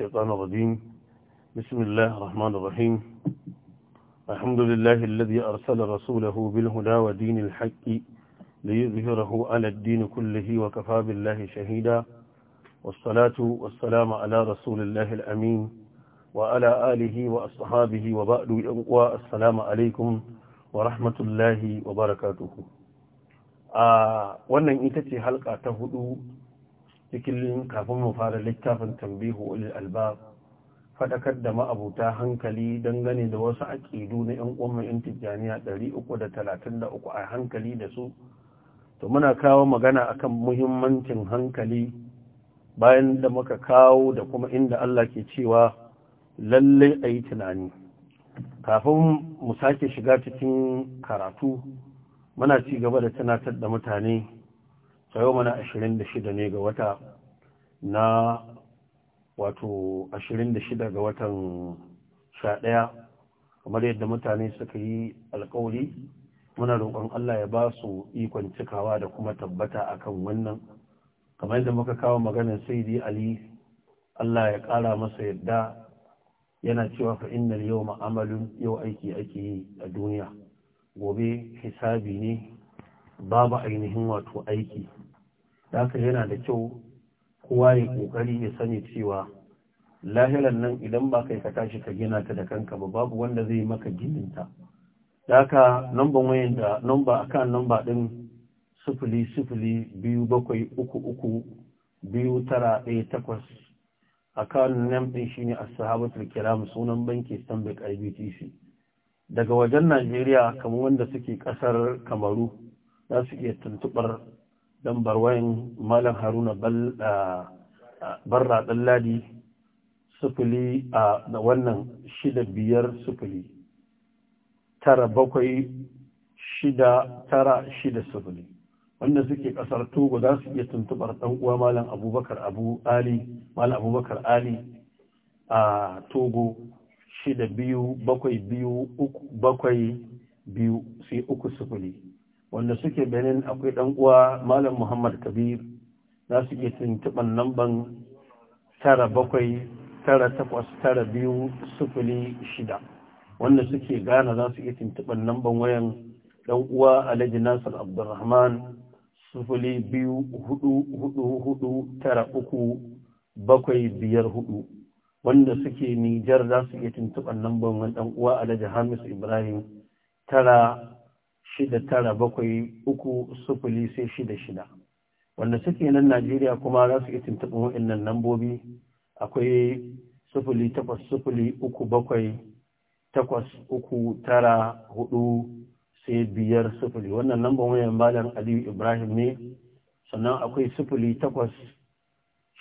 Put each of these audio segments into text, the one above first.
الشيطان الرجيم بسم الله الرحمن الرحيم الحمد لله الذي أرسل رسوله بالهدى ودين الحق ليظهره على الدين كله وكفى بالله شهيدا والصلاة والسلام على رسول الله الأمين وعلى آله وأصحابه وبعد السلام عليكم ورحمة الله وبركاته آه وانا انتتي حلقة تهدو cikin kafin mu fara littafin tambihu ulil albab fadakar da ma'abuta hankali dangane da wasu aƙidu na 'yan ƙwamma 'yan tijjaniya 333 a hankali da su to muna kawo magana akan muhimmancin hankali bayan da muka kawo da kuma inda Allah ke cewa lallai ayi tunani kafin mu sake shiga cikin karatu muna ci gaba da tunatar da mutane tsayo mana 26 ne ga wata na wato 26 ga watan sha 11 kamar yadda mutane suka yi alkawari muna roƙon Allah ya ba su ikon cikawa da kuma tabbata akan wannan kamar yadda muka kawo maganar saidi ali Allah ya ƙara masa yadda yana cewa fa innal yawma amalun yau aiki ake yi a duniya gobe hisabi ne babu ainihin wato aiki da yana da kyau kowa ya kokari ya sani cewa lahiran nan idan ba kai ka tashi ka gina ta da kanka ba babu wanda zai maka gininta da haka namban wayan da namba akan namba din sifili sifili biyu bakwai uku uku biyu tara ɗaya takwas akan nan ɗin shine ashabatul kiram sunan banki stanbic ibtc daga wajen najeriya kamar wanda suke ƙasar kamaru za su iya tuntuɓar don wayan malam haruna barra ladi sufuli a wannan shida biyar sufuli tara bakwai shida tara shida sufuli wanda suke ƙasar togo za su iya tuntubar uwa malam abubakar abu ali malam abubakar ali a togo shida biyu bakwai biyu bakwai biyu sai uku sufuli wanda suke benin akwai dan uwa malam muhammad kabir za su iya tuntuɓar namban tara bakwai tara takwas tara biyu sufuli shida wanda suke gana za su iya tuntuɓar namban wayan dan uwa alhaji nasir abdulrahman sufuli biyu hudu hudu tara uku bakwai biyar hudu wanda suke nijar za su iya tuntuɓar namban wani ɗan uwa alhaji hamis ibrahim tara shida tara bakwai uku sufuli sai shida shida wanda suke nan najeriya kuma za su yi tuntuɓin waɗannan lambobi akwai sufuli takwas sufuli uku bakwai takwas uku tara hudu sai biyar sufuli wannan lambar wayan malam aliyu ibrahim ne sannan akwai sufuli takwas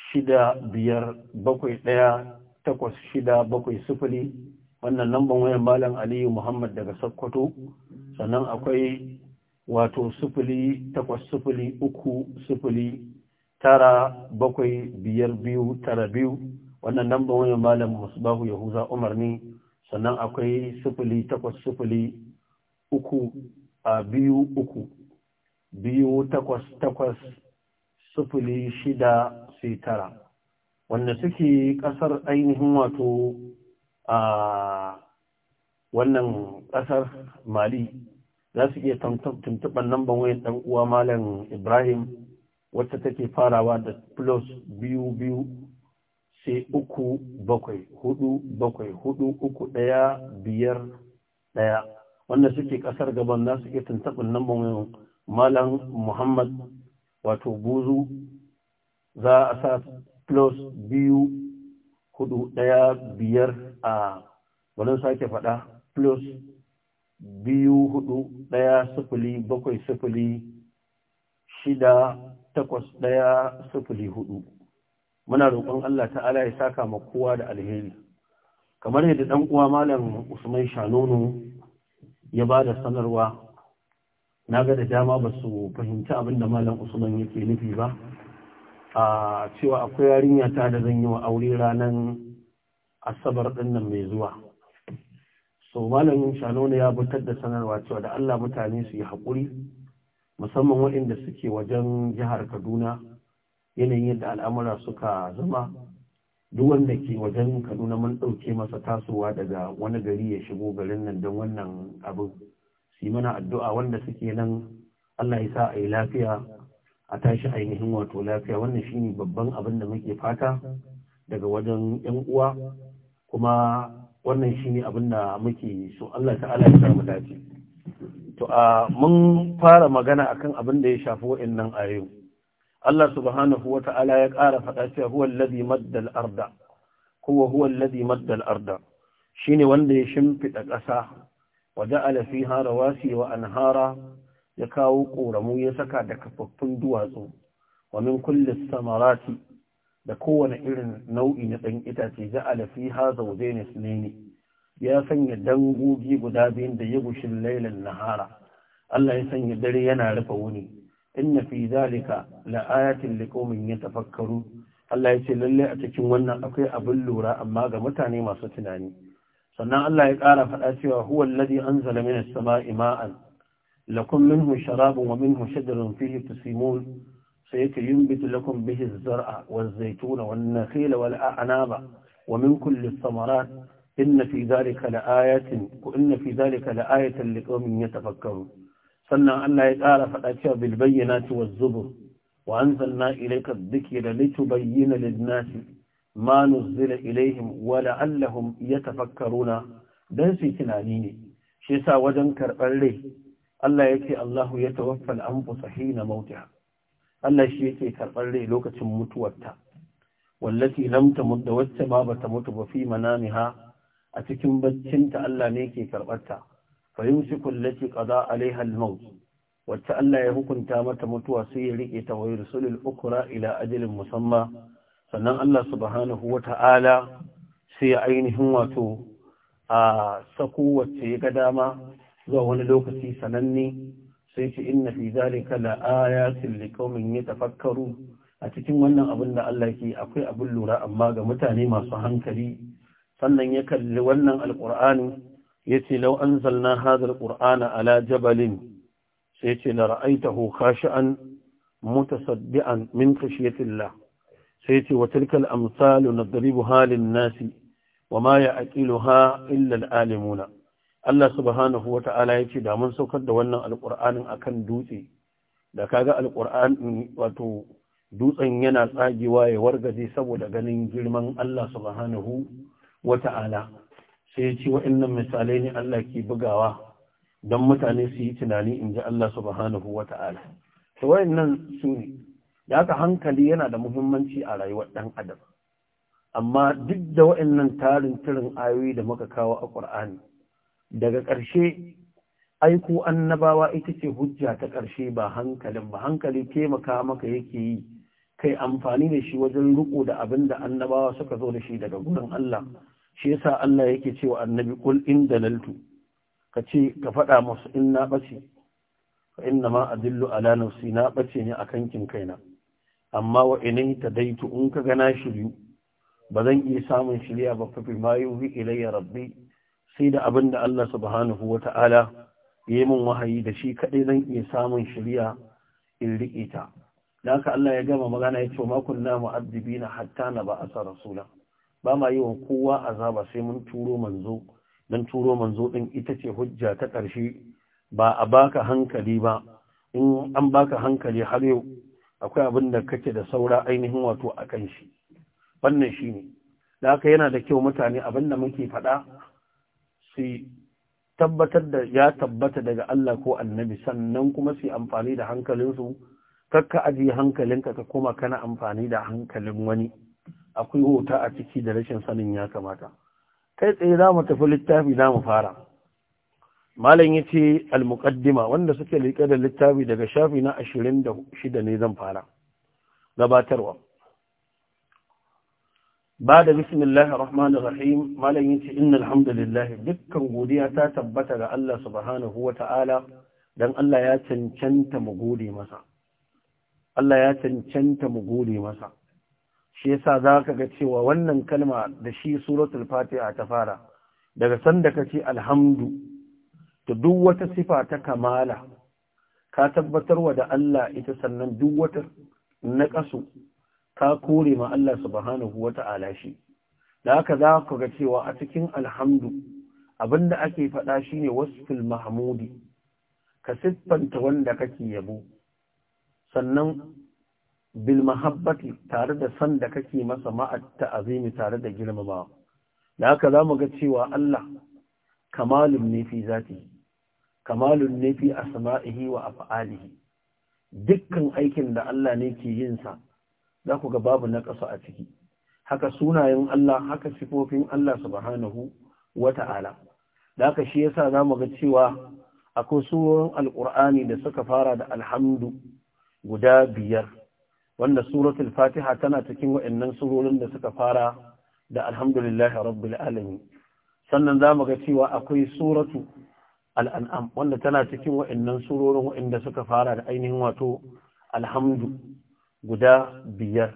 shida biyar bakwai ɗaya takwas shida bakwai sufuli wannan lambar wayan malam aliyu muhammad daga sokoto sannan akwai wato sufuli takwas sufuli uku sufuli tara bakwai biyar biyu tara biyu wannan namba wani malam musbahu yahuza umar ne sannan akwai sufuli takwas sufuli uku a biyu uku biyu takwas takwas sufuli shida sai tara wanda suke kasar ainihin wato a wannan ƙasar mali za su iya tuntuɓar namban wayan ɗan uwa malam ibrahim wacce take farawa da plus biyu biyu sai uku bakwai hudu bakwai hudu uku ɗaya biyar ɗaya wanda suke ƙasar gaban za su iya tuntuɓar namban wayan malam muhammad wato buzu za a sa plus biyu hudu ɗaya biyar a wani sake faɗa plus biyu hudu ɗaya sifili bakwai sifili shida takwas ɗaya sifili hudu muna roƙon Allah ta'ala ya saka ma kowa da alheri kamar yadda ɗan uwa malam usman shanonu ya ba da sanarwa na ga da dama ba su fahimci abin da malam usman yake nufi ba a cewa akwai yarinya ta da zan yi wa aure ranar asabar ɗin mai zuwa so malamin Shanona ya butar da sanarwa cewa da Allah mutane su yi haƙuri musamman waɗanda suke wajen jihar Kaduna yanayin yadda al'amura suka zama duk wanda ke wajen Kaduna mun ɗauke masa tasowa daga wani gari ya shigo garin nan don wannan abin su mana addu'a wanda suke nan Allah ya sa a yi lafiya a tashi ainihin wato lafiya wannan shine babban abin da muke fata daga wajen 'yan uwa kuma wannan shi ne abin da muke so Allah ta'ala ya samu dace to a mun fara magana akan abin da ya shafi wa'annan ayoyi Allah subhanahu wa ta'ala ya ƙara faɗa cewa huwa alladhi madda al-arda huwa huwa alladhi madda al-arda shine wanda ya shimfida ƙasa wa ja'ala fiha rawasi wa anhara ya kawo ƙoramu ya saka da kafaffun duwatsu wa min kulli samarati da kowane irin nau'i na ɗan itace ja'ala fiha zawjayn ne. ya sanya dangogi guda biyun da ya gushin lailan nahara Allah ya sanya dare yana rufe wuni inna fi zalika la ayatin liqaumin tafakkaru. Allah ya ce lalle a cikin wannan akwai abin lura amma ga mutane masu tunani sannan Allah ya ƙara faɗa cewa huwa alladhi anzala minas sama'i ma'an lakum minhu sharabun wa minhu shajrun fihi tusimun سيك ينبت لكم به الزرع والزيتون والنخيل والأعناب ومن كل الثمرات إن في ذلك لآيات وإن في ذلك لآية لقوم يتفكرون سنة أن لا يتعالى فأتى بالبينات والزبر وأنزلنا إليك الذكر لتبين للناس ما نزل إليهم ولعلهم يتفكرون دنسي su شيسا ودنكر ne الله يتي الله يتوفى الأنفس حين موتها Allah shi yake karɓar rai lokacin mutuwarta wallati lamta da wacce ba bata mutu ba fi manamiha a cikin baccinta Allah ne ke karɓar ta fa kullaci ƙaza qada alaiha wacce Allah ya hukunta mata mutuwa sai ya rike ta wa sulul ukra ila ajalin musamma sannan Allah subhanahu wata'ala sai ya ainihin wato a sako wacce ya ga dama zuwa wani lokaci sananne sai ce inna fi zalika la ayatin liqaumin yatafakkaru a cikin wannan abin da Allah ke akwai abin lura amma ga mutane masu hankali sannan ya kalli wannan alqur'ani yace law anzalna hadha alqur'ana ala jabalin sai ce la ra'aitahu khashi'an mutasaddian min khashyatillah sai ce wa amsalu nadribuha lin nasi wa ma ya'qiluha illa al-alimuna Allah subhanahu wa ta'ala ya ce da mun saukar da wannan alƙur'anin akan dutse da kaga alƙur'anin wato dutsen yana tsagewa ya wargaje saboda ganin girman Allah subhanahu wa ta'ala sai ya ce wa'annan misalai ne Allah ke bugawa don mutane su yi tunani in ji Allah subhanahu wa ta'ala. Ta wa'annan su ne, da ka hankali yana da muhimmanci a rayuwar ɗan adam. Amma duk da wa'annan tarin tirin ayoyi da muka kawo a ƙur'ani, daga ƙarshe aiko annabawa ita ce hujja ta ƙarshe ba hankalin ba hankali taimaka maka yake yi kai amfani da shi wajen riko da abin da annabawa suka zo da shi daga gurin Allah shi yasa Allah yake cewa annabi kul in dalaltu ka ce ka faɗa musu in na ɓace fa inna ma adillu ala nafsi na ɓace ne akan kin kaina amma wa inai tadaitu in ka gana shiryu ba zan iya samun shirya ba fa bi ma yuhi ilayya rabbi sai da abin da Allah subhanahu wa ta'ala ya yi min wahayi da shi kaɗai zan iya samun shirya in riƙe ta. Da haka Allah ya gama magana ya ce makon kunna mu'addibi na hatta na ba sa rasula. Ba ma yi wa kowa azaba sai mun turo manzo, don turo manzo ɗin ita ce hujja ta ƙarshe ba a baka hankali ba, in an baka hankali har yau akwai abin da kake da saura ainihin wato a kan shi. Wannan shi ne. Da haka yana da kyau mutane abin da muke faɗa su tabbatar da ya tabbata daga Allah ko annabi sannan kuma su amfani da hankalinsu kakka ajiye hankalinka ka koma kana amfani da hankalin wani akwai hota a ciki da rashin sanin ya kamata kai tsaye za mu tafi littafi za mu fara malam ya ce almuqaddima wanda suke liƙe da littafi daga shafi na ashirin da shida ne zan fara gabatarwa ba da bismillah rahman rahim malam yin inna alhamdulillah dukkan godiya ta tabbatar ga Allah subhanahu wa ta'ala don Allah ya cancanta mu gode masa Allah ya cancanta mu gode masa shi yasa za ka ga cewa wannan kalma da shi suratul fatiha ta fara daga sanda da alhamdu ta duk wata sifa ta kamala ka tabbatar wa da Allah ita sannan duk wata na kasu ka kore ma Allah subhanahu wa ta'ala shi da haka za ku ga cewa a cikin alhamdu abinda ake faɗa shine wasfil mahmudi ka siffanta wanda kake yabo sannan bil mahabbati tare da san da kake masa ma'at azimi tare da girmama da haka za mu ga cewa Allah kamalun ne fi zati kamalun ne fi asma'ihi wa af'alihi dukkan aikin da Allah ne ke yin sa za ku ga babu na ƙasa a ciki haka sunayen Allah haka sifofin Allah subhanahu wata'ala da haka shi yasa za mu ga cewa akwai surorin alƙur'ani da suka fara da alhamdu guda biyar wanda suratul fatiha tana cikin waɗannan surorin da suka fara da alhamdulillahi rabbil sannan za mu ga cewa akwai suratu al'an'am wanda tana cikin waɗannan surorin waɗanda suka fara da ainihin wato alhamdu guda biyar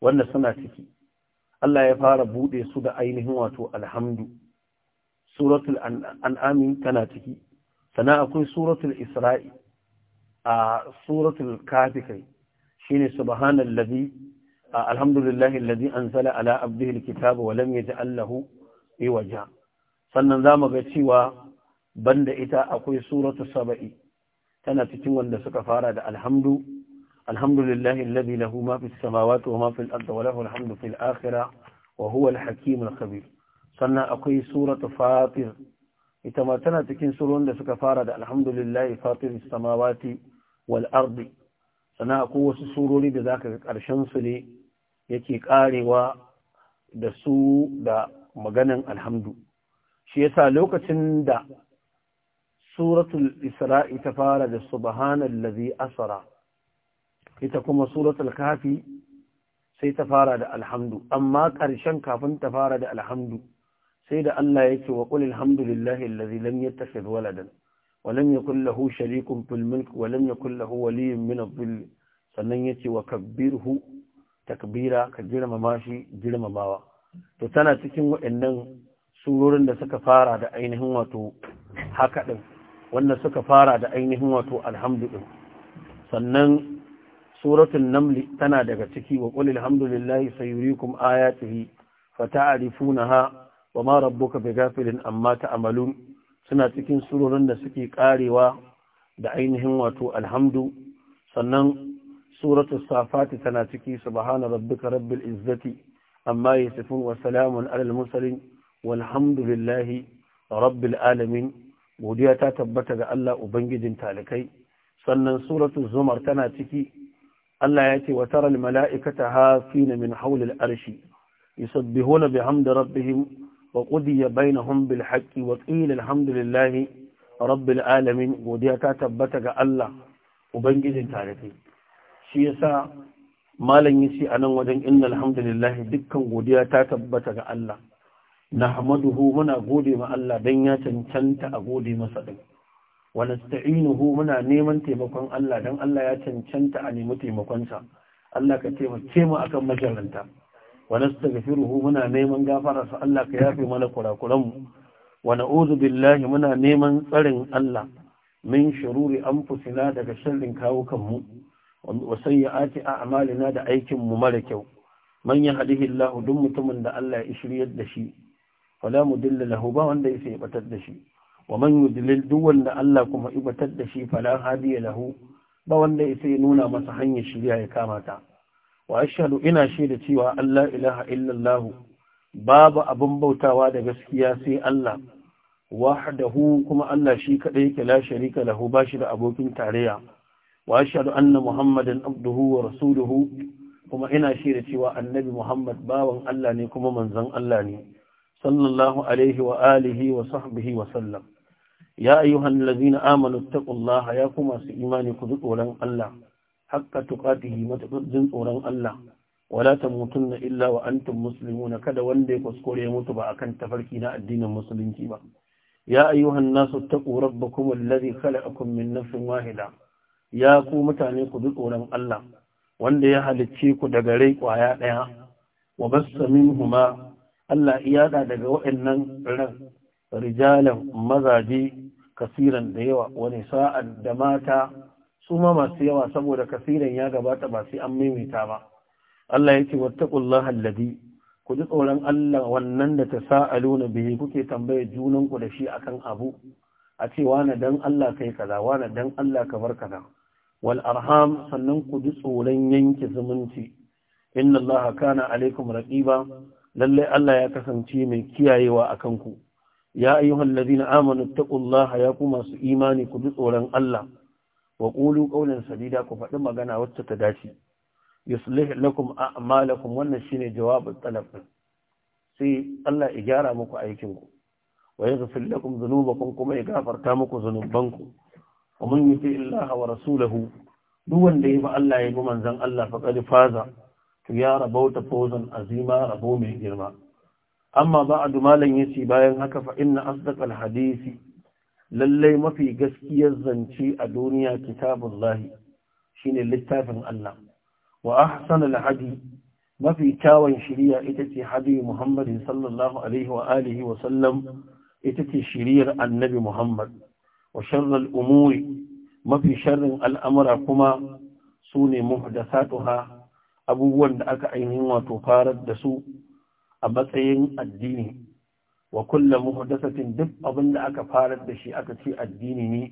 wanda suna ciki Allah ya fara bude su da ainihin wato alhamdu suratul an'ami tana ciki sana akwai suratul isra'i a suratul kafi kai shine subhanallazi alhamdulillahi allazi anzala ala abdihi alkitaba wa lam yaj'al lahu iwaja sannan zamu ga cewa banda ita akwai suratul saba'i tana cikin wanda suka fara da alhamdu الحمد لله الذي له ما في السماوات وما في الأرض وله الحمد في الآخرة وهو الحكيم الخبير sannan akwai suratu fatir ita tana cikin surun da suka fara da alhamdulillahi fatir samawati wal ardi sannan akwai wasu surori da zaka ga karshen su ne yake karewa da su da maganan alhamdu shi yasa lokacin da suratul isra'i ta fara da subhanallazi asra ita kuma suratul kafi sai ta fara da alhamdu amma ƙarshen kafin ta fara da alhamdu sai da Allah yake wa qul alhamdulillahi allazi lam yattakhid waladan wa lam yakul lahu sharikun fil mulk wa lam yakul lahu waliyyun min adh-dhill sannan yace wa kabbirhu takbira ka girmama shi girmamawa to tana cikin waɗannan surorin da suka fara da ainihin wato haka ɗin wanda suka fara da ainihin wato alhamdu ɗin sannan suratul naml tana daga ciki wa qul alhamdulillahi sayuriikum ayatihi fata'rifunaha wama rabbuka bighafilin amma ta'malun suna cikin surorin da suke karewa da ainihin wato alhamdu sannan suratul safati tana ciki subhana rabbika rabbil izzati amma yasifun wa salamun alal mursalin walhamdulillahi rabbil alamin godiya ta tabbata ga Allah ubangijin talikai sannan suratul zumar tana ciki Allah ya ce wa taral mala'ikata hafina min haulil arshi yusabbihuna bihamdi rabbihim wa qudiya bainahum humbil haƙƙi, wa qila alhamdulillahi rabbil alamin godiya ta tabbata ga Allah ubangijin tarihi shi yasa malam a nan wajen inna alhamdulillahi dukkan godiya ta tabbata ga Allah nahmaduhu muna gode ma Allah dan ya cancanta a gode masa ɗin. wa nasta'inuhu muna neman taimakon Allah dan Allah ya cancanta a nemi taimakonsa Allah ka taimake mu akan majaranta wa nastaghfiruhu muna neman sa Allah ka yafe mana kurakuranmu wa na'udhu billahi muna neman tsarin Allah min shururi anfusina daga sharrin kawukanmu wa sayyiati a'malina da aikin mu mara kyau man yahdihillahu duk mutumin da Allah ya shiryar da shi wala mudilla lahu ba wanda ya sai batar da shi wa man yudlil duk wanda Allah kuma ibatar da shi fala hadiya lahu ba wanda ya nuna masa hanyar shirya ya kamata wa ashhadu ina shaida cewa Allah ilaha illallah babu abin bautawa da gaskiya sai Allah wahdahu kuma Allah shi kadai yake la sharika lahu ba shi da abokin tarayya wa ashhadu anna muhammadan abduhu wa rasuluhu kuma ina shaida cewa annabi muhammad bawan Allah ne kuma manzon Allah ne sallallahu alaihi wa alihi wa sahbihi wa sallam ya ayyuhan allazina amanu taqullaha ya kuma su imani ku tsoron Allah hakka tuqatihi matakin tsoron Allah mutum na illa wa antum muslimuna kada wanda ya kuskure mutu ba akan tafarki na addinin musulunci ba ya ayyuhan nasu taqu rabbakum allazi khalaqakum min nafsin wahida ya ku mutane ku tsoron Allah wanda ya halicce ku daga rai kwaya ɗaya? wa bassa minhuma Allah iyada daga waɗannan ran rijalan mazaje kasiran da yawa wani sa'ad da mata su ma masu yawa saboda kasiran ya gabata ba sai an maimaita ba Allah yake wattaqullaha alladhi ku ji tsoron Allah wannan da ta na bihi kuke tambaye junanku da shi akan abu a ce wani dan Allah kai kaza wani dan Allah ka bar kaza wal arham sannan ku ji tsoron yanke zumunci inna Allah kana alaikum raqiba lallai Allah ya kasance mai kiyayewa a kanku ya ayyuhal ladina amanu taqullaha ya ku masu imani ku bi tsoron Allah wa ƙulu ƙaunin sadida ku faɗi magana wacce ta dace yuslih lakum a'malakum wannan shi ne jawabin talab sai Allah ya gyara muku aikinku ku wa yaghfir lakum dhunubakum kuma ya gafarta muku zunubanku wa yi fi illaha wa rasulahu duk wanda ya bi Allah ya bi manzan Allah da faza to ya rabauta fozon azima rabo mai girma amma a dumalan yasi bayan haka fa inna asdaqal lallai mafi gaskiyar zance a duniya kitabullahi shine littafin Allah wa ahsanul hadi mafi kyawun shiriya ita ce hadi Muhammadin sallallahu alaihi wa alihi wa sallam ita ce shiriyar annabi Muhammad wa sharar umuri mafi sharrin al'amura kuma su ne muhdasatuha abubuwan da aka ainihin wato farar da su a matsayin addini wa kulla duk abin da aka farar da shi aka ce addini ne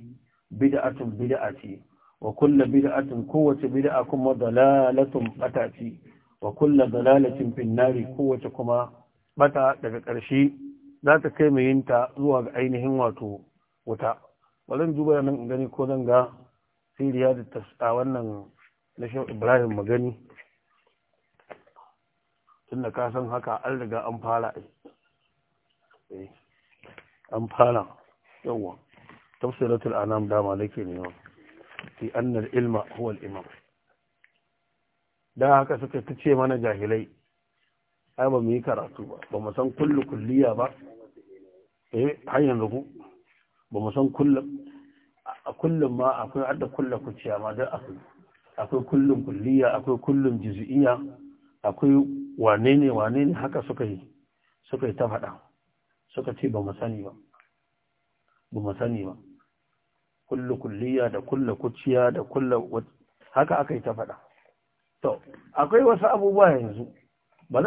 bid'atun bid'a ce wa kulla bid'atun kowace bid'a kuma dalalatun bata ce wa kulla dalalatin finnari kowace kuma bata daga ƙarshe za ta kai mai yinta zuwa ga ainihin wato wuta zan duba nan gani ko zan ga siriya da ta wannan na ibrahim magani tunda ka san haka an riga an fara eh, an fara yawwa tafsiratul anam dama nake nema fi annar ilma huwa al-imam da haka suka tace mana jahilai ai ba mu yi karatu ba ba mu san kullu kulliya ba eh har yanzu ku ba mu san kullum a kullum ma akwai adda kullu kuciya ma da akwai akwai kullum kulliya akwai kullum juz'iyya akwai wane ne wane ne haka suka yi suka yi ta faɗa suka ce ba mu sani ba ba mu sani ba kullu kulliya da kullu kuciya da kullu haka aka yi ta faɗa to akwai wasu abubuwa yanzu ba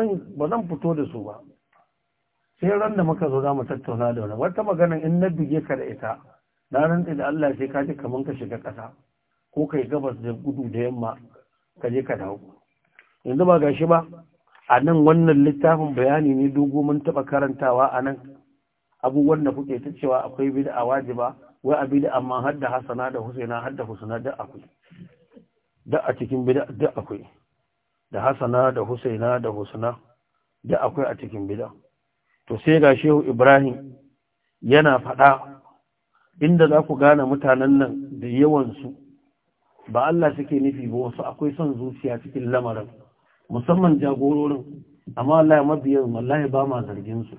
zan fito da su ba sai ran da muka zo za mu tattauna da wani wata magana in na bige ka da ita na rantsi da Allah sai ka ji kaman ka shiga ƙasa ko kai gabas da gudu da yamma ka je ka dawo yanzu ba gashi ba a nan wannan littafin bayani ne dogo mun taɓa karantawa a nan abubuwan da kuke ta cewa akwai bid'a wajiba wai a bid'a amma har da hasana da husaina har da husaina duk akwai duk a cikin bid'a duk akwai da hasana da husaina da husaina duk akwai a cikin bid'a to sai ga shehu ibrahim yana faɗa inda za ku gane mutanen nan da yawansu ba Allah suke nufi ba wasu akwai son zuciya cikin lamarin musamman jagororin amma wallahi mabiyan wallahi ba ma zargin su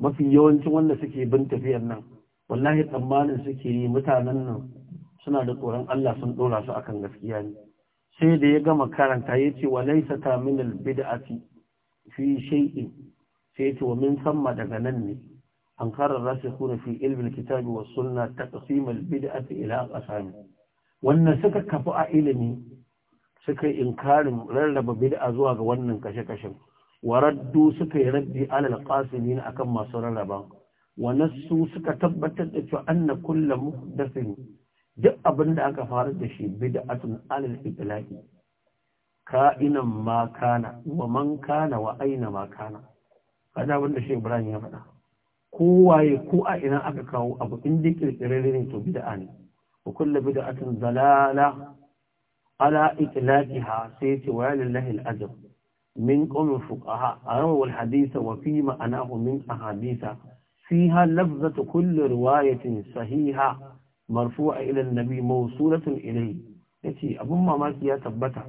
mafi yawancin wanda suke bin tafiyar nan wallahi tsammanin suke yi mutanen nan suna da tsoron Allah sun dora su akan gaskiya ne sai da ya gama karanta ya ce wa laisa ta min albid'ati fi shay'in sai ya ce wa min samma daga nan ne an karar rasikhun fi ilmi alkitabi was sunna taqsim albid'ati ila aqsam wannan suka kafu a ilimi suka yi inkarin rarraba bid'a zuwa ga wannan kashe-kashen Waraddu suka yi raddi alal na akan masu rarraba wa nasu suka tabbatar da cewa anna kullu muhdathin duk abin da aka fara da shi bid'atun alal itlaqi ka'inan ma kana wa man kana wa aina ma kana kada wanda shi Ibrahim ya faɗa waye ko a ina aka kawo abu in dai ne to bid'a ne wa kullu bid'atin dalala ala itlaqiha sai ce wa lillahi al-ajr min qawmi fuqaha arahu al-hadith wa fi ma'anahu min ahaditha fiha lafzatu kulli riwayatin sahiha marfu a an-nabi mawsulatun ilayhi yace abin mamaki ya tabbata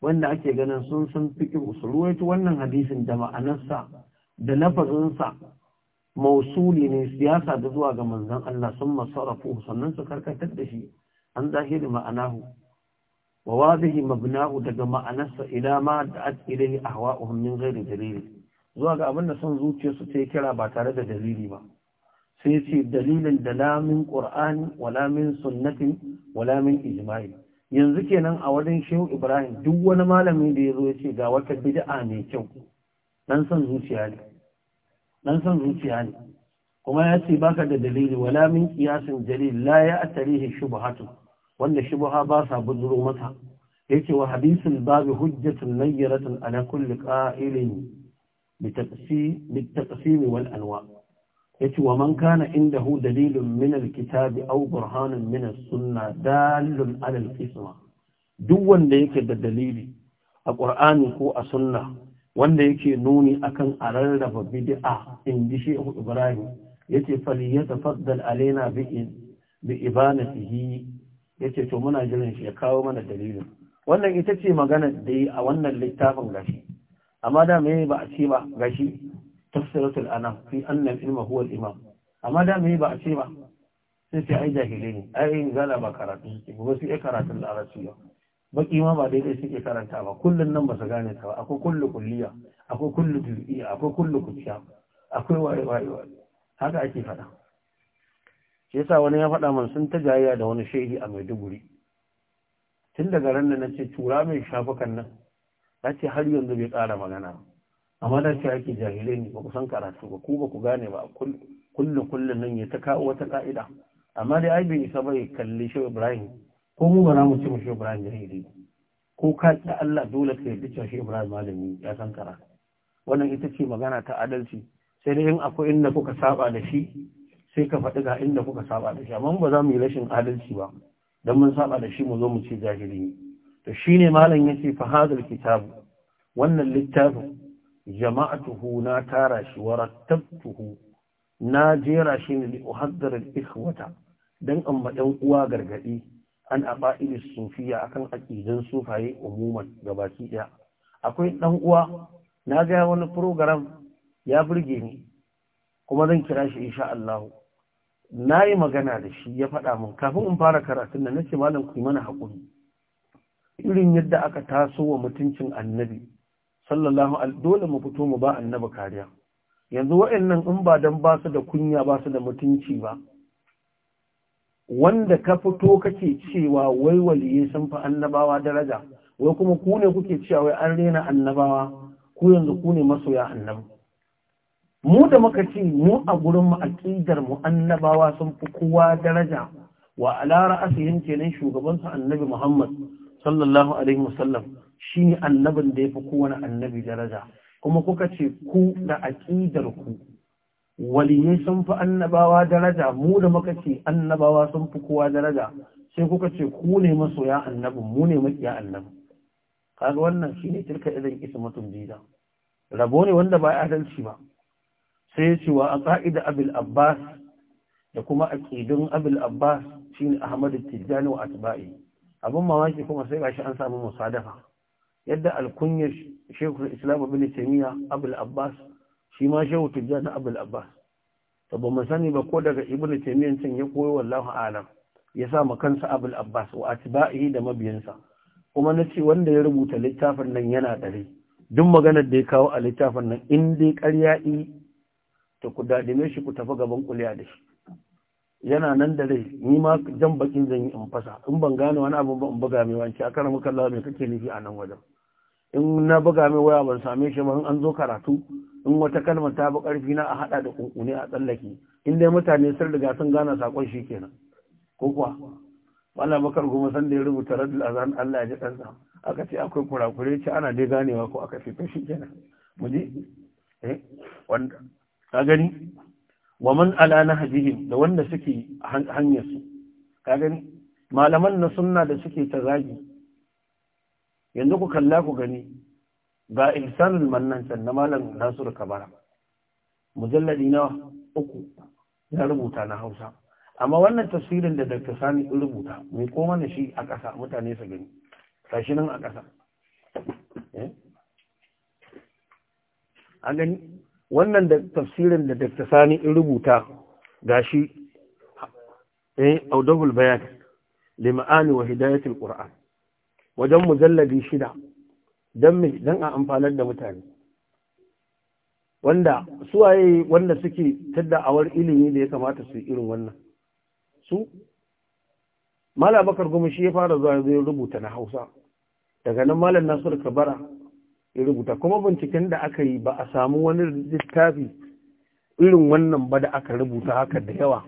wanda ake ganin sun san fiqh su wannan hadisin da ma'anarsa da lafazinsa mausuli ne siyasa da zuwa ga manzon Allah sun masarafu sannan su karkatar da shi an zahiri ma'anahu wa wazihi mabna'u daga ma'anarsa ila ma da'at ilayhi ahwa'uhum min ghairi dalili zuwa ga abin da son zuciyarsu ta kira ba tare da dalili ba sai ce dalilin da lamin ƙur'ani, wala min sunnatin wala min ijma'i yanzu kenan a wajen shehu ibrahim duk wani malami da ya zo ya ce ga wata bid'a mai kyau dan son zuciya ne dan son zuciya ne kuma ya ce baka da dalili wala min qiyasin dalil la ya'tarihi tarihi shubhatu wanda shi buha ba sa buzuru ya ce wa hadisun babu hujjatun nayyaratun a kulli ƙa’ilin bitaƙasimi wal anwa ya ce wa man kana inda hu dalilin minal kitabi au burhanun minal sunna dalilun alal kisma duk wanda yake da dalili a ƙwar'ani ko a sunna wanda yake nuni akan a rarraba bidi'a in ji shehu ibrahim ya ce fali ya tafaddal alena bi ibanatihi ya ce to muna jiran shi ya kawo mana dalilin wannan ita ce magana da yi a wannan littafin gashi amma da me ba a ce ba gashi tafsiratul anam fi annal ilma huwa al-imam amma da me ba a ce ba sai sai ai jahilai ne ai zala ba karatu suke ba wasu karatu karatun arabci ba baki ma ba daidai suke karanta ba kullun nan ba su gane ta ba akwai kullu kulliya akwai kullu juz'iyya akwai kullu kutiya. akwai waye waye haka ake faɗa shi yasa wani ya faɗa man sun ta jayayya da wani shehi a maiduguri tun daga ran da na ce tura mai shafukan nan Ya ce har yanzu bai ƙara magana amma da ce ake jahilai ne ba ku san karatu ba ku ba ku gane ba kullum kullum nan ya ta kawo wata ka'ida amma dai ai bai isa ya kalli shehu ibrahim ko mu ba za mu ci mu shehu ibrahim jahili ko ka ta Allah dole ka yarda cewa shehu ibrahim malami ya san karatu wannan ita ce magana ta adalci sai dai in akwai inda kuka saba da shi sai ka faɗi ga inda kuka saba da shi amma ba za mu yi rashin adalci ba dan mun saba da shi mu zo mu ce jahili ne to shine malam yace fa hadal kitabu wannan littafin jama'atuhu na tara shi wa rattabtuhu na jera shi ne li uhaddara al-ikhwata dan amma ɗan uwa gargadi an aba'il sufiya akan aqidan sufaye umuman gabaki daya akwai ɗan uwa na ga wani program ya burge ni kuma zan kira shi insha Allah na yi magana da shi ya faɗa min kafin in fara karatun da nace malam ku yi mana haƙuri irin yadda aka taso wa mutuncin annabi sallallahu alaihi dole mu fito mu ba annabi kariya yanzu waɗannan in ba dan ba su da kunya ba su da mutunci ba wanda ka fito kake cewa wai waliye sun fi annabawa daraja wai kuma ku ne kuke cewa wai an rena annabawa ku yanzu ku ne masoya annabi mu da muka ce mu a gurin mu aqidar mu annabawa sun fi kowa daraja wa ala ra'asihim kenan shugaban su annabi Muhammad sallallahu alaihi wasallam shine annabin da ya fi kowane annabi daraja kuma kuka ce ku da aqidar ku waliyai sun fi annabawa daraja mu da muka ce annabawa sun fi kowa daraja sai kuka ce ku ne masoya annabin mu ne makiya annabin kaga wannan shine tilka irin ismatun jida rabo ne wanda ba adalci ba sai ya ce wa a ƙa'ida abil abbas da kuma a aƙidun abil abbas shi ne ahmadu tijjani wa atiba'i abin mamaki kuma sai gashi an samu musadafa yadda alkunyar shekul islam abin taimiyya abil abbas shi ma shehu tijjani abil abbas to ba mu sani ba ko daga ibn taimiyyar can ya koyi wallahu alam ya sa ma kansa abul abbas wa atiba'i da mabiyansa kuma na ce wanda ya rubuta littafin nan yana dare duk maganar da ya kawo a littafin nan in dai ƙarya to ku dadime shi ku tafi gaban kuliya da shi yana nan da rai ni ma jan bakin zan yi in fasa in ban gane wani abu ba in buga mai wanci a kana muka Allah kake nufi a nan wajen in na buga mai waya ban same shi ba in an zo karatu in wata kalmar ta bi karfi na a hada da kunkune a tsallake in dai mutane sun riga sun gane sakon shi kenan ko kuwa wannan Bakar Goma san da ya rubuta Radul Azan Allah ya ji kansa aka ce akwai kurakure ce ana dai ganewa ko aka ce shi kenan mu ji eh wanda ka gani wa man ala nahjihim da wanda suke hanyar su ka gani malaman na sunna da suke ta zagi yanzu ku kalla ku gani ga insanul mannan can na malam nasiru kabara mujalladi na uku ya rubuta na hausa amma wannan tafsirin da dr sani rubuta mai koma da shi a ƙasa mutane su gani tashi nan a ƙasa eh? a gani wannan da tafsirin da Dr. Sani in rubuta gashi eh audahul bayan ma'ani wa hidayatul qur'an wajen mujalladi shida dan mai dan a amfanar da mutane wanda suwaye wanda suke awar ilimi da ya kamata su irin wannan su mala bakar gumi shi ya fara zuwa zai rubuta na hausa daga nan malam nasir kabara ya rubuta kuma binciken da aka yi ba a samu wani littafi irin wannan ba da aka rubuta haka da yawa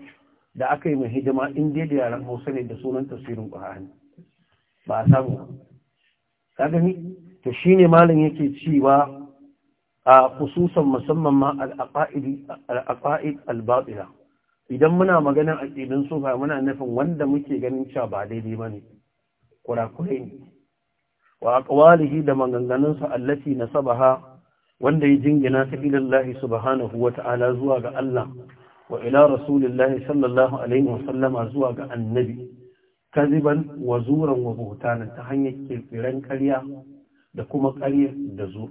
da aka yi mai hijima in da yaran hausa ne da sunan tasirin ƙwararri ba a samu ka gani to shi ne malin yake cewa a kususan musamman ma al'aƙa'id albaɓila idan muna maganin aƙidin sufa muna nufin wanda muke ganin cewa ba daidai ba ne kurakurai ne wa aqwalihi da sa allati nasabaha wanda ya jingina ta ila Allah subhanahu wata'ala zuwa ga Allah wa ila rasulillahi sallallahu alaihi sallama zuwa ga annabi kaziban wa zuran wa buhtanan ta hanyar kirkiran ƙarya da kuma ƙarya da zo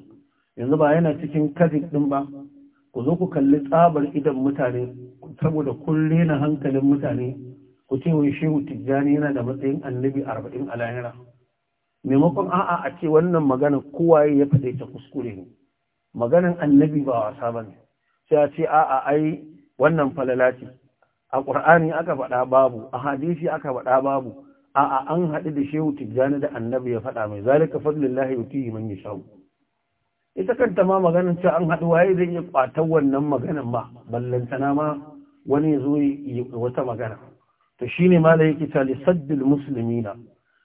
yanzu ba yana cikin kazib din ba ku zo ku kalli tsabar idan mutane saboda kun rena hankalin mutane ku ce wai shehu tijjani yana da matsayin annabi arba'in a lahira maimakon a'a a ce wannan magana kowa ya faɗe ta kuskure ne maganan annabi ba wasa ba ne sai a ce a'a ai wannan falala ce a ƙur'ani aka faɗa babu a hadisi aka faɗa babu a'a an haɗu da shehu tijjani da annabi ya faɗa mai zalika fadlillahi yutihi man yasha ita kanta ma maganar cewa an haɗu waye zai iya ƙwatar wannan maganan ba ballantana ma wani ya zo wata magana to shine ma da yake ta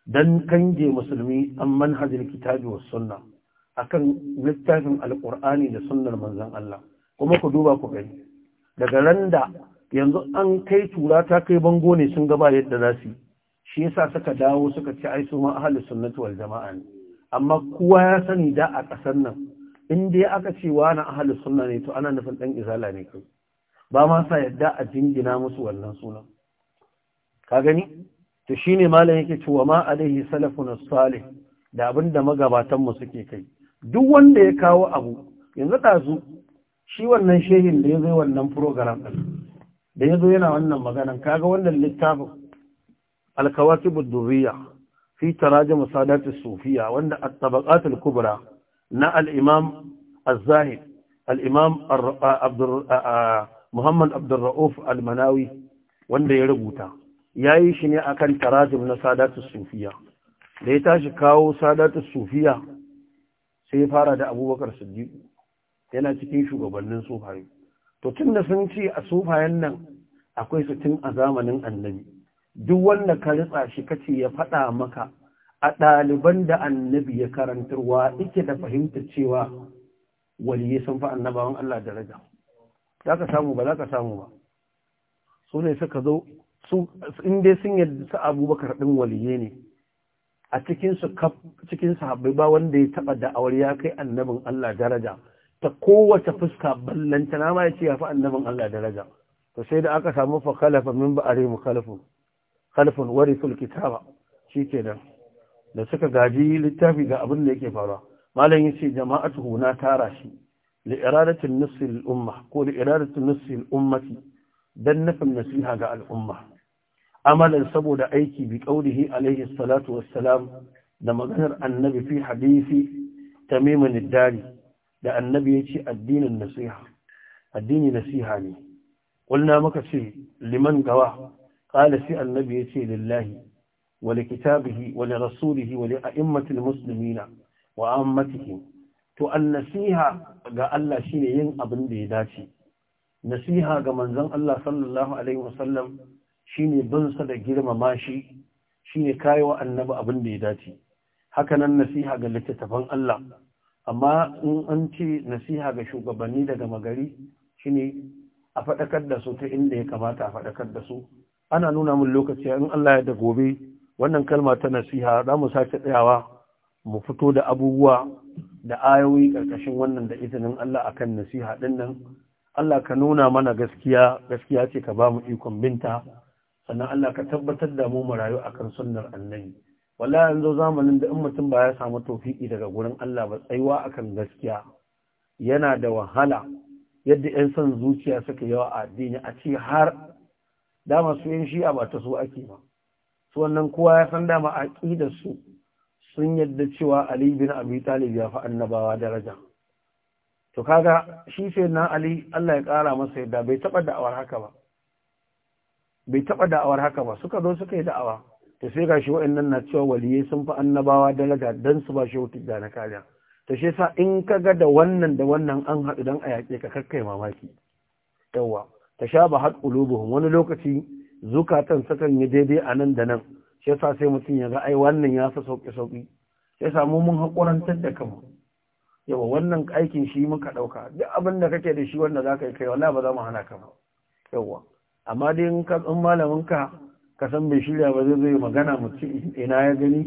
dan kange musulmi an manhajar kitabi was sunna akan littafin alqur'ani da sunnar manzon Allah kuma ku duba ku gani daga randa yanzu an kai tura ta kai bango ne sun gaba yadda za su shi yasa suka dawo suka ci ai su ma ahlus sunnati wal jama'a ne amma kowa ya sani da a ƙasar nan in dai aka ce wa na ahlus sunna ne to ana nufin dan izala ne kai ba ma sa yadda a jingina musu wannan sunan ka gani to ne malam yake cewa ma alaihi salafun salih da abinda magabatan mu suke kai duk wanda ya kawo abu yanzu ɗazu shi wannan shehin da ya zo wannan program ɗin da ya zo yana wannan maganan kaga wannan littafin alkawatibud durriya fi tarajum sadatis sufiya wanda at-tabaqat al-kubra na al-imam az-zahid al-imam Muhammad Abdul Rauf al-Manawi wanda ya rubuta ya yi shi ne a kan tarajim na sadatun sufiya da ya tashi kawo sadatun sufiya sai ya fara da abubakar siddiqu yana cikin shugabannin sufaye to tun da sun ce a sufayen nan akwai su tun a zamanin annabi duk wanda ka ritsa shi kace ya faɗa maka a ɗaliban da annabi ya karantarwa ike da fahimta cewa waliye sun fi annabawan Allah daraja za ka samu ba za ka samu ba su ne suka zo su in dai sun yadda su abubakar ɗin waliye ne a cikin sahabbai ba wanda ya taɓa da'awar ya kai annabin Allah daraja ta kowace fuska ballanta. Na ma ya ce ya fi annabin Allah daraja to sai da aka samu fa khalafa min ba'ari mukhalafun wari sul kitaba nan, da suka gaji littafi ga abin da yake faruwa malam yace jama'atu na tara shi li iradatin nusil umma ko li iradatin nusil ummati dan nafin nasiha ga al'umma amalan saboda aiki bi qaulihi alaihi salatu wassalam da maganar annabi fi hadisi tamim dari da annabi yace addinin nasiha addini nasiha ne qulna maka ce liman gawa qala si annabi yace lillahi wa li kitabihi wa li rasulihi wa li a'immati muslimina wa ammatihim to an-nasiha ga Allah shine yin abin da ya dace nasiha ga manzon Allah sallallahu alaihi wasallam shine bin sa da girmama shi shine kayo annabi abin da ya dace Hakanan, nasiha ga littattafan Allah amma in an ce nasiha ga shugabanni daga magari shine a faɗakar da su ta inda ya kamata a faɗakar da su ana nuna min lokaci in Allah ya da gobe wannan kalma ta nasiha za mu sake tsayawa mu fito da abubuwa da ayoyi ƙarƙashin wannan da izinin Allah akan nasiha ɗin Allah ka nuna mana gaskiya gaskiya ce ka ba mu ikon binta sannan Allah ka tabbatar da mu mu rayu akan sunnar annabi wallahi yanzu zamanin da in mutum ba ya samu tofiki daga gurin Allah ba tsaiwa akan gaskiya yana da wahala yadda 'yan son zuciya suka yawa a addini a ce har dama su yin shi'a ba ta so ake ba su wannan kowa ya san dama a su sun yadda cewa Ali bin Abi Talib ya fi annabawa daraja to kaga shi sai na Ali Allah ya ƙara masa yadda bai taɓa da'awar haka ba bai taɓa da'awar haka ba suka zo suka yi da'awa to sai ga shi wa'annan na cewa waliye sun fi annabawa daraja don su ba shi wuta da na kariya to shi sa in ka ga da wannan da wannan an haɗu don a yaƙe ka kakkai mamaki yawwa ta sha ba haɗu wani lokaci zukatan sukan yi daidai a nan da nan shi sa sai mutum ya ga ai wannan ya fi sauƙi sauƙi ya samu mun haƙurantar da kanmu yawa wannan aikin shi muka ɗauka duk abin da kake da shi wanda za ka yi kai wala ba za mu hana ka ba yawwa amma dai in ka malamin ka ka san bai shirya ba zai zai magana mutum ina ya gani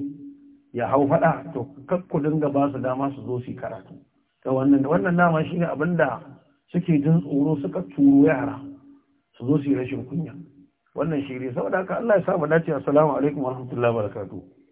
ya hau faɗa to kakku dinga ba su dama su zo su karatu da wannan wannan nama shine abin da suke jin tsoro suka turo yara su zo su yi rashin kunya wannan ne saboda haka Allah ya sa mu dace assalamu alaikum warahmatullahi wabarakatuh